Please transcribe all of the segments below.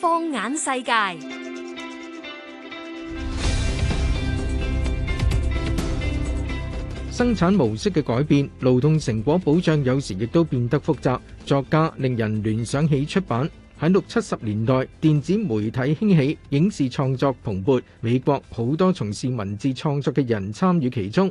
放眼世界，生產模式嘅改變，勞動成果保障有時亦都變得複雜。作家令人聯想起出版。喺六七十年代，電子媒體興起，影視創作蓬勃，美國好多從事文字創作嘅人參與其中。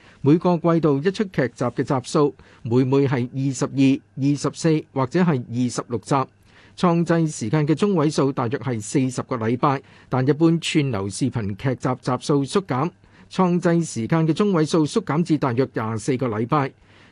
每個季度一出劇集嘅集數，每每係二十二、二十四或者係二十六集。創製時間嘅中位數大約係四十個禮拜，但一般串流視頻劇集集數縮減，創製時間嘅中位數縮減至大約廿四個禮拜。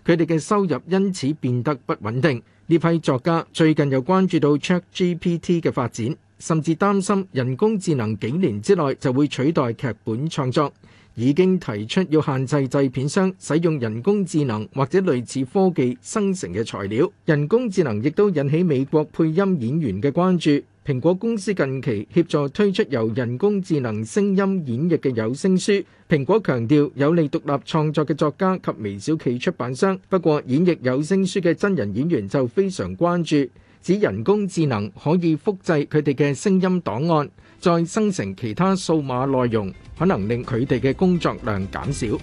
佢哋嘅收入因此變得不穩定。呢批作家最近又關注到 ChatGPT 嘅發展，甚至擔心人工智能幾年之內就會取代劇本創作。已經提出要限制製片商使用人工智能或者類似科技生成嘅材料。人工智能亦都引起美國配音演員嘅關注。蘋果公司近期協助推出由人工智能聲音演繹嘅有聲書。蘋果強調有利獨立創作嘅作家及微小企出版商，不過演繹有聲書嘅真人演員就非常關注。指人工智能可以複製佢哋嘅聲音檔案，再生成其他數碼內容，可能令佢哋嘅工作量減少。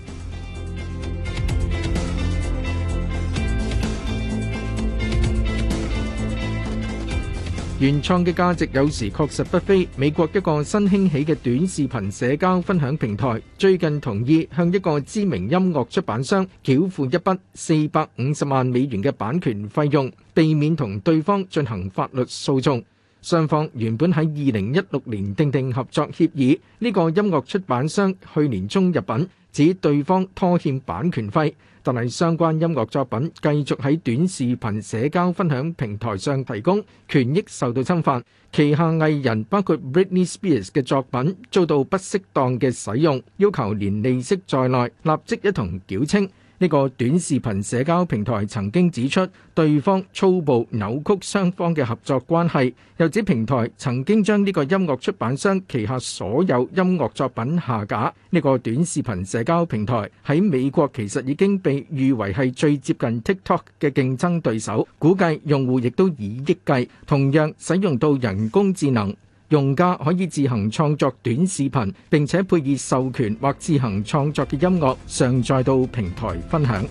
原創嘅價值有時確實不菲。美國一個新興起嘅短視頻社交分享平台最近同意向一個知名音樂出版商繳付一筆四百五十萬美元嘅版權費用，避免同對，對方進行法律訴訟。雙方原本喺二零一六年訂定合作協議，呢個音樂出版商去年中入稟指對方拖欠版權費，但係相關音樂作品繼續喺短視頻社交分享平台上提供，權益受到侵犯。旗下藝人包括 Britney Spears 嘅作品遭到不適當嘅使用，要求連利息在內立即一同繳清。呢個短視頻社交平台曾經指出對方粗暴扭曲雙方嘅合作關係，又指平台曾經將呢個音樂出版商旗下所有音樂作品下架。呢個短視頻社交平台喺美國其實已經被譽為係最接近 TikTok 嘅競爭對手，估計用戶亦都以億計，同樣使用到人工智能。用家可以自行創作短視頻，並且配以授權或自行創作嘅音樂，上載到平台分享。